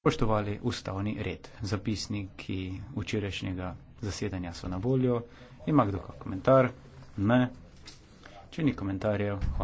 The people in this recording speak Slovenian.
spoštovali ustavni red. Zapisniki včerajšnjega zasedanja so na voljo. Ima kdo komentar? Ne. Če ni komentarjev, hvala.